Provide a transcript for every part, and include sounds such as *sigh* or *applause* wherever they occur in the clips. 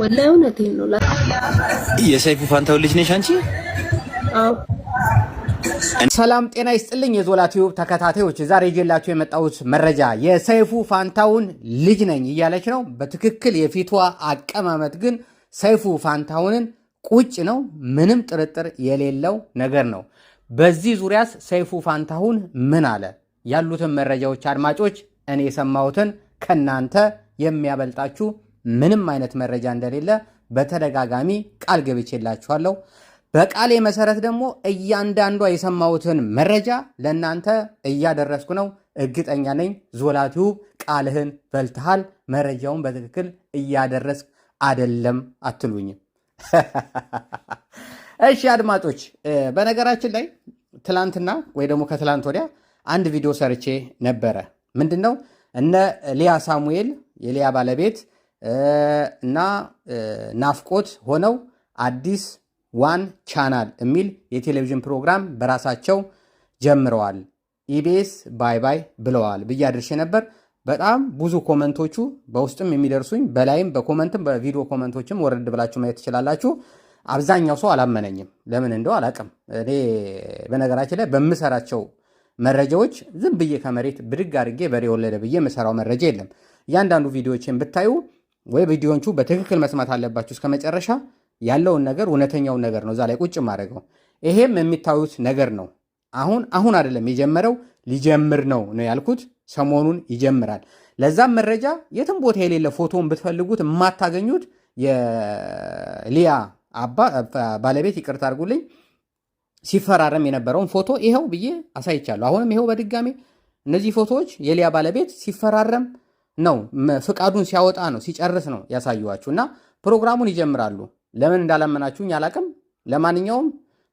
ወላሂ እውነቴን ነው። የሰይፉ ፋንታው ልጅ ነሽ አንቺ? አዎ። ሰላም ጤና ይስጥልኝ የዞላ ቲዩብ ተከታታዮች፣ ዛሬ ይዤላችሁ የመጣሁት መረጃ የሰይፉ ፋንታውን ልጅ ነኝ እያለች ነው። በትክክል የፊቷ አቀማመጥ ግን ሰይፉ ፋንታውንን ቁጭ ነው፣ ምንም ጥርጥር የሌለው ነገር ነው። በዚህ ዙሪያስ ሰይፉ ፋንታውን ምን አለ? ያሉትን መረጃዎች አድማጮች፣ እኔ የሰማሁትን ከእናንተ የሚያበልጣችሁ ምንም አይነት መረጃ እንደሌለ በተደጋጋሚ ቃል ገብቼላችኋለሁ። በቃሌ መሰረት ደግሞ እያንዳንዷ የሰማሁትን መረጃ ለእናንተ እያደረስኩ ነው። እርግጠኛ ነኝ ዞላቲው ቃልህን በልተሃል፣ መረጃውን በትክክል እያደረስክ አደለም አትሉኝም። *laughs* እሺ አድማጮች፣ በነገራችን ላይ ትላንትና ወይ ደግሞ ከትላንት ወዲያ አንድ ቪዲዮ ሰርቼ ነበረ። ምንድን ነው እነ ሊያ ሳሙኤል የሊያ ባለቤት እና ናፍቆት ሆነው አዲስ ዋን ቻናል የሚል የቴሌቪዥን ፕሮግራም በራሳቸው ጀምረዋል። ኢቢኤስ ባይ ባይ ብለዋል ብዬ አድርሼ ነበር። በጣም ብዙ ኮመንቶቹ በውስጥም የሚደርሱኝ በላይም በኮመንትም በቪዲዮ ኮመንቶችም ወረድ ብላችሁ ማየት ትችላላችሁ። አብዛኛው ሰው አላመነኝም። ለምን እንደው አላቅም። እኔ በነገራችን ላይ በምሰራቸው መረጃዎች ዝም ብዬ ከመሬት ብድግ አድርጌ በሬ ወለደ ብዬ የምሰራው መረጃ የለም። እያንዳንዱ ቪዲዮዎችን ብታዩ ወይ ቪዲዮንቹ በትክክል መስማት አለባችሁ እስከ መጨረሻ ያለውን ነገር እውነተኛውን ነገር ነው እዛ ላይ ቁጭ ማድረገው። ይሄም የሚታዩት ነገር ነው። አሁን አሁን አይደለም የጀመረው ሊጀምር ነው ነው ያልኩት። ሰሞኑን ይጀምራል። ለዛም መረጃ የትም ቦታ የሌለ ፎቶን ብትፈልጉት የማታገኙት የሊያ አባ ባለቤት ይቅርታ አድርጉልኝ ሲፈራረም የነበረውን ፎቶ ይኸው ብዬ አሳይቻለሁ። አሁንም ይኸው በድጋሚ እነዚህ ፎቶዎች የሊያ ባለቤት ሲፈራረም ነው ፍቃዱን ሲያወጣ ነው ሲጨርስ ነው ያሳዩዋችሁ እና ፕሮግራሙን ይጀምራሉ። ለምን እንዳላመናችሁኝ አላቅም። ለማንኛውም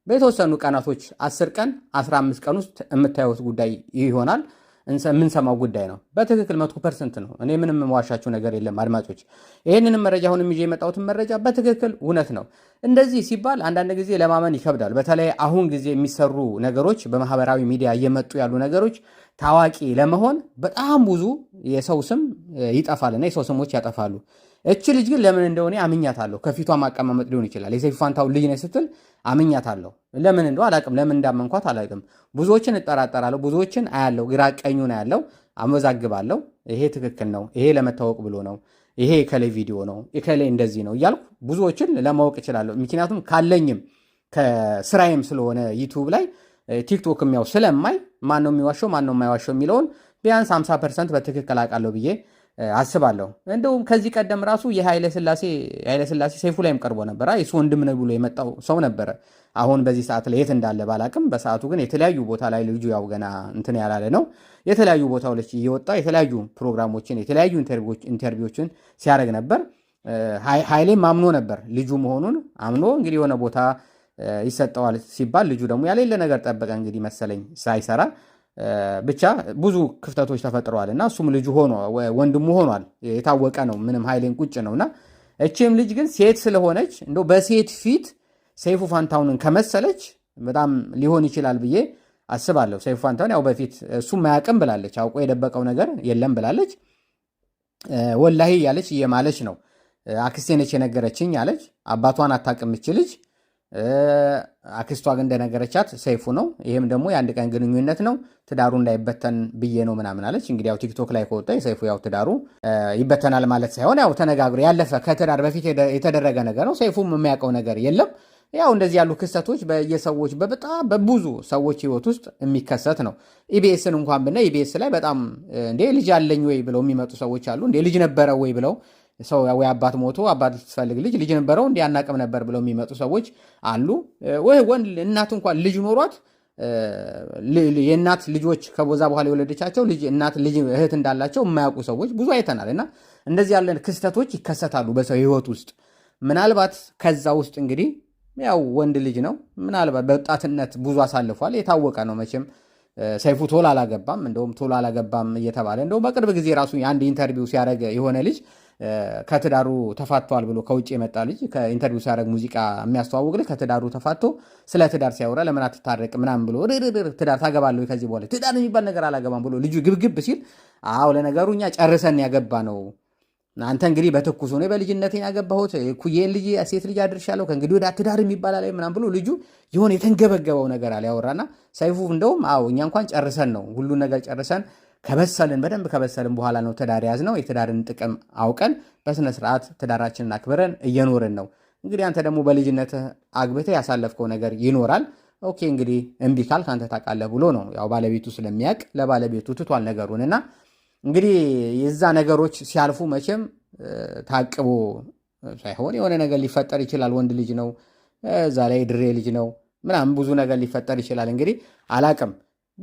በየተወሰኑ ቀናቶች 10 ቀን 15 ቀን ውስጥ የምታዩት ጉዳይ ይሆናል። የምንሰማው ጉዳይ ነው። በትክክል መቶ ፐርሰንት ነው። እኔ ምንም የምዋሻችሁ ነገር የለም አድማጮች። ይህንንም መረጃ አሁንም ይዤ የመጣሁትን መረጃ በትክክል እውነት ነው። እንደዚህ ሲባል አንዳንድ ጊዜ ለማመን ይከብዳል። በተለይ አሁን ጊዜ የሚሰሩ ነገሮች፣ በማህበራዊ ሚዲያ እየመጡ ያሉ ነገሮች ታዋቂ ለመሆን በጣም ብዙ የሰው ስም ይጠፋልና የሰው ስሞች ያጠፋሉ። እች ልጅ ግን ለምን እንደሆነ አምኛታለሁ። ከፊቷ ማቀማመጥ ሊሆን ይችላል። የሰይፉ ፋንታው ልጅ ነች ስትል አምኛታለሁ። ለምን እንደው አላቅም። ለምን እንዳመንኳት አላቅም። ብዙዎችን እጠራጠራለሁ፣ ብዙዎችን አያለው፣ ግራ ቀኙን አያለው፣ አመዛግባለሁ። ይሄ ትክክል ነው፣ ይሄ ለመታወቅ ብሎ ነው፣ ይሄ የከሌ ቪዲዮ ነው፣ የከሌ እንደዚህ ነው እያልኩ ብዙዎችን ለማወቅ እችላለሁ። ምክንያቱም ካለኝም ከስራዬም ስለሆነ ዩቱብ ላይ ቲክቶክ የሚያው ስለማይ ማን ነው የሚዋሸው ማን ነው የማይዋሸው የሚለውን ቢያንስ 50 ፐርሰንት በትክክል አውቃለሁ ብዬ አስባለሁ። እንደውም ከዚህ ቀደም ራሱ የኃይለስላሴ ስላሴ ሰይፉ ላይም ቀርቦ ነበረ። የሱ ወንድም ነው ብሎ የመጣው ሰው ነበረ። አሁን በዚህ ሰዓት ላይ የት እንዳለ ባላቅም፣ በሰዓቱ ግን የተለያዩ ቦታ ላይ ልጁ ያው ገና እንትን ያላለ ነው። የተለያዩ ቦታዎች እየወጣ የተለያዩ ፕሮግራሞችን የተለያዩ ኢንተርቪዎችን ሲያደርግ ነበር። ኃይሌም አምኖ ነበር ልጁ መሆኑን አምኖ እንግዲህ የሆነ ቦታ ይሰጠዋል ሲባል ልጁ ደግሞ ያሌለ ነገር ጠበቀ እንግዲህ መሰለኝ ሳይሰራ ብቻ ብዙ ክፍተቶች ተፈጥረዋል እና እሱም ልጁ ሆኖ ወንድሙ ሆኗል። የታወቀ ነው። ምንም ኃይሌን ቁጭ ነው እና እችም ልጅ ግን ሴት ስለሆነች እን በሴት ፊት ሰይፉ ፋንታውንን ከመሰለች በጣም ሊሆን ይችላል ብዬ አስባለሁ። ሰይፉ ፋንታውን ያው በፊት እሱም አያውቅም ብላለች። አውቆ የደበቀው ነገር የለም ብላለች። ወላሂ እያለች እየማለች ነው። አክስቴ ነች የነገረችኝ አለች። አባቷን አታውቅም እች ልጅ አክስቷ ግን እንደነገረቻት ሰይፉ ነው፣ ይህም ደግሞ የአንድ ቀን ግንኙነት ነው፣ ትዳሩ እንዳይበተን ብዬ ነው ምናምን አለች። እንግዲህ ያው ቲክቶክ ላይ ከወጣ የሰይፉ ያው ትዳሩ ይበተናል ማለት ሳይሆን ያው ተነጋግሮ ያለፈ ከትዳር በፊት የተደረገ ነገር ነው። ሰይፉም የሚያውቀው ነገር የለም። ያው እንደዚህ ያሉ ክስተቶች በየሰዎች በጣም በብዙ ሰዎች ህይወት ውስጥ የሚከሰት ነው። ኢቢኤስን እንኳን ብና ኢቢኤስ ላይ በጣም እንዴ ልጅ አለኝ ወይ ብለው የሚመጡ ሰዎች አሉ። እንዴ ልጅ ነበረ ወይ ብለው ሰው ወይ አባት ሞቶ አባት ልትፈልግ ልጅ ልጅ ነበረው እንዲ አናቅም ነበር ብለው የሚመጡ ሰዎች አሉ። ወይ ወንድ እናት እንኳን ልጅ ኖሯት የእናት ልጆች ከቦዛ በኋላ የወለደቻቸው እናት ልጅ እህት እንዳላቸው የማያውቁ ሰዎች ብዙ አይተናል። እና እንደዚህ ያለ ክስተቶች ይከሰታሉ በሰው ህይወት ውስጥ። ምናልባት ከዛ ውስጥ እንግዲህ ያው ወንድ ልጅ ነው። ምናልባት በወጣትነት ብዙ አሳልፏል። የታወቀ ነው መቼም ሰይፉ ቶሎ አላገባም፣ እንደውም ቶሎ አላገባም እየተባለ እንደውም በቅርብ ጊዜ ራሱ የአንድ ኢንተርቪው ሲያደርግ የሆነ ልጅ ከትዳሩ ተፋቷል ብሎ ከውጭ የመጣ ልጅ ከኢንተርቪው ሲያደርግ ሙዚቃ የሚያስተዋውቅ ልጅ ከትዳሩ ተፋቶ ስለ ትዳር ሲያወራ ለምን አትታረቅ ምናምን ብሎ ትዳር ታገባለሁ ከዚህ በኋላ ትዳር የሚባል ነገር አላገባም ብሎ ልጁ ግብግብ ሲል፣ አዎ ለነገሩ እኛ ጨርሰን ያገባ ነው። አንተ እንግዲህ በትኩሱ ነው በልጅነት ያገባሁት ኩዬን ልጅ ሴት ልጅ አድርሻለሁ ከእንግዲህ ወደ ትዳር የሚባል አለ ምናምን ብሎ ልጁ የሆነ የተንገበገበው ነገር አለ ያወራና ሰይፉ እንደውም አዎ እኛ እንኳን ጨርሰን ነው ሁሉን ነገር ጨርሰን ከበሰልን በደንብ ከበሰልን በኋላ ነው ትዳር ያዝ ነው። የትዳርን ጥቅም አውቀን በስነ ስርዓት ትዳራችንን አክብረን እየኖርን ነው። እንግዲህ አንተ ደግሞ በልጅነት አግብተህ ያሳለፍከው ነገር ይኖራል። ኦኬ እንግዲህ እምቢ ካል ከአንተ ታውቃለህ ብሎ ነው ያው ባለቤቱ ስለሚያውቅ ለባለቤቱ ትቷል ነገሩን እና እንግዲህ የዛ ነገሮች ሲያልፉ መቼም ታቅቦ ሳይሆን የሆነ ነገር ሊፈጠር ይችላል። ወንድ ልጅ ነው፣ እዛ ላይ ድሬ ልጅ ነው ምናምን ብዙ ነገር ሊፈጠር ይችላል። እንግዲህ አላቅም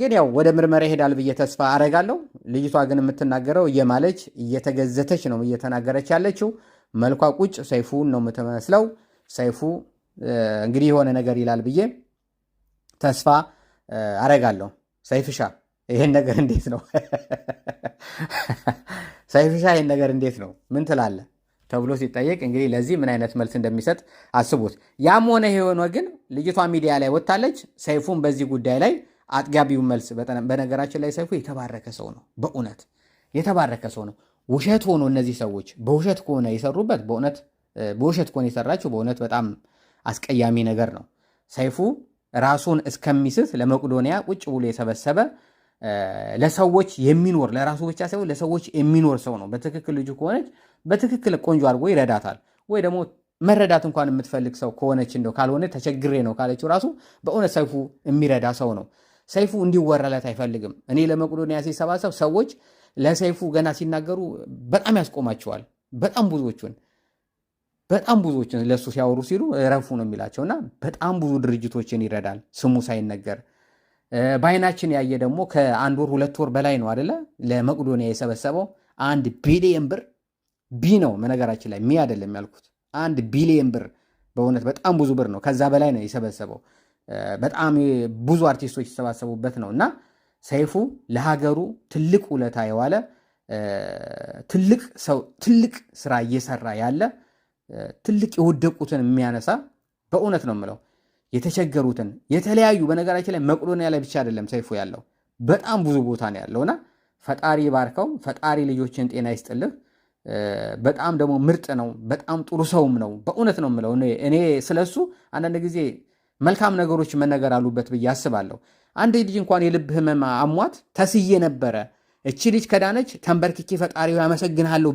ግን ያው ወደ ምርመራ ይሄዳል ብዬ ተስፋ አረጋለሁ። ልጅቷ ግን የምትናገረው እየማለች እየተገዘተች ነው እየተናገረች ያለችው። መልኳ ቁጭ ሰይፉን ነው የምትመስለው። ሰይፉ እንግዲህ የሆነ ነገር ይላል ብዬ ተስፋ አረጋለሁ። ሰይፍሻ ይሄን ነገር እንዴት ነው? *laughs* ሰይፍሻ ይህን ነገር እንዴት ነው? ምን ትላለ ተብሎ ሲጠየቅ እንግዲህ ለዚህ ምን አይነት መልስ እንደሚሰጥ አስቡት። ያም ሆነ የሆነ ግን ልጅቷ ሚዲያ ላይ ወጥታለች። ሰይፉን በዚህ ጉዳይ ላይ አጥጋቢውን መልስ። በነገራችን ላይ ሰይፉ የተባረከ ሰው ነው። በእውነት የተባረከ ሰው ነው። ውሸት ሆኖ እነዚህ ሰዎች በውሸት ከሆነ የሰሩበት በእውነት በውሸት ከሆነ የሰራችው በእውነት በጣም አስቀያሚ ነገር ነው። ሰይፉ ራሱን እስከሚስት ለመቅዶንያ ቁጭ ብሎ የሰበሰበ ለሰዎች የሚኖር ለራሱ ብቻ ሳይሆን ለሰዎች የሚኖር ሰው ነው። በትክክል ልጁ ከሆነች በትክክል ቆንጆ አድርጎ ይረዳታል። ወይ ደግሞ መረዳት እንኳን የምትፈልግ ሰው ከሆነች እንደው ካልሆነ ተቸግሬ ነው ካለችው ራሱ በእውነት ሰይፉ የሚረዳ ሰው ነው። ሰይፉ እንዲወራለት አይፈልግም። እኔ ለመቄዶንያ ሲሰባሰብ ሰዎች ለሰይፉ ገና ሲናገሩ በጣም ያስቆማቸዋል። በጣም ብዙዎቹን በጣም ብዙዎችን ለእሱ ሲያወሩ ሲሉ ረፉ ነው የሚላቸው እና በጣም ብዙ ድርጅቶችን ይረዳል ስሙ ሳይነገር በአይናችን ያየ ደግሞ ከአንድ ወር ሁለት ወር በላይ ነው አደለ ለመቄዶንያ የሰበሰበው አንድ ቢሊየን ብር ቢ ነው መነገራችን ላይ ሚ አደለም ያልኩት አንድ ቢሊየን ብር በእውነት በጣም ብዙ ብር ነው ከዛ በላይ ነው የሰበሰበው በጣም ብዙ አርቲስቶች የተሰባሰቡበት ነው እና ሰይፉ ለሀገሩ ትልቅ ውለታ የዋለ ትልቅ ሰው ትልቅ ስራ እየሰራ ያለ ትልቅ የወደቁትን የሚያነሳ በእውነት ነው የምለው የተቸገሩትን የተለያዩ በነገራችን ላይ መቅዶኒያ ላይ ብቻ አይደለም ሰይፉ ያለው በጣም ብዙ ቦታ ነው ያለውና ፈጣሪ ባርከው ፈጣሪ ልጆችን ጤና ይስጥልህ በጣም ደግሞ ምርጥ ነው በጣም ጥሩ ሰውም ነው በእውነት ነው የምለው እኔ ስለሱ አንዳንድ ጊዜ መልካም ነገሮች መነገር አሉበት ብዬ አስባለሁ። አንድ ልጅ እንኳን የልብ ህመም አሟት ተስዬ ነበረ። እቺ ልጅ ከዳነች ተንበርክኬ ፈጣሪ ያመሰግናለሁ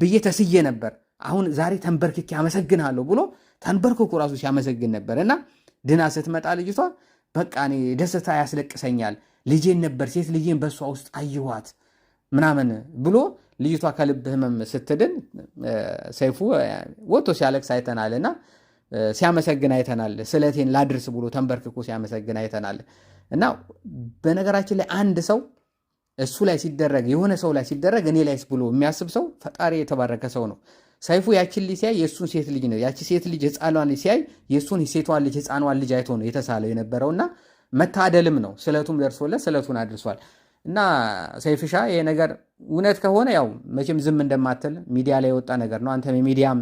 ብዬ ተስዬ ነበር፣ አሁን ዛሬ ተንበርክኬ አመሰግናለሁ ብሎ ተንበርክኮ ራሱ ሲያመሰግን ነበር እና ድና ስትመጣ ልጅቷ በቃ እኔ ደስታ ያስለቅሰኛል፣ ልጄን ነበር ሴት ልጄን በእሷ ውስጥ አየኋት ምናምን ብሎ ልጅቷ ከልብ ህመም ስትድን ሰይፉ ወጥቶ ሲያለቅስ እና። ሲያመሰግን አይተናል። ስለቴን ላድርስ ብሎ ተንበርክኮ ሲያመሰግን አይተናል። እና በነገራችን ላይ አንድ ሰው እሱ ላይ ሲደረግ የሆነ ሰው ላይ ሲደረግ እኔ ላይስ ብሎ የሚያስብ ሰው ፈጣሪ የተባረከ ሰው ነው። ሰይፉ ያችን ልጅ ሲያይ የእሱን ሴት ልጅ ነው ያቺ ሴት ልጅ ህፃኗን ልጅ ሲያይ የእሱን ሴቷን ልጅ ህፃኗን ልጅ አይቶ ነው የተሳለው እና መታደልም ነው። ስለቱም ደርሶለት ስለቱን አድርሷል። እና ሰይፍሻ ይሄ ነገር እውነት ከሆነ ያው መቼም ዝም እንደማትል ሚዲያ ላይ የወጣ ነገር ነው። አንተም የሚዲያም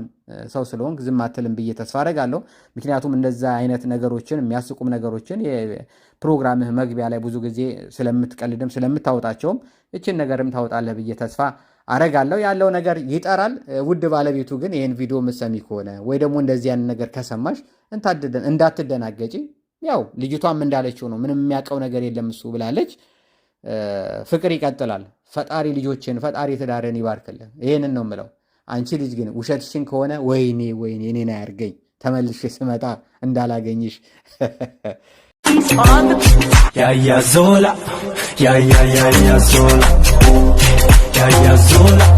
ሰው ስለሆንክ ዝም አትልም ብዬ ተስፋ አደርጋለሁ። ምክንያቱም እንደዛ አይነት ነገሮችን የሚያስቁም ነገሮችን የፕሮግራምህ መግቢያ ላይ ብዙ ጊዜ ስለምትቀልድም ስለምታወጣቸውም እችን ነገርም ታወጣለህ ብዬ ተስፋ አረጋለሁ። ያለው ነገር ይጠራል። ውድ ባለቤቱ ግን ይህን ቪዲዮ ምሰሚ ከሆነ ወይ ደግሞ እንደዚህ ያን ነገር ከሰማሽ እንዳትደናገጪ። ያው ልጅቷም እንዳለችው ነው፣ ምንም የሚያውቀው ነገር የለም እሱ ብላለች። ፍቅር ይቀጥላል። ፈጣሪ ልጆችን፣ ፈጣሪ ትዳርን ይባርክልን። ይህንን ነው የምለው። አንቺ ልጅ ግን ውሸትሽን ከሆነ ወይኔ ወይኔ እኔን አያርገኝ ተመልሼ ስመጣ እንዳላገኝሽ። ያያዞላ ያያያያዞላ ያያዞላ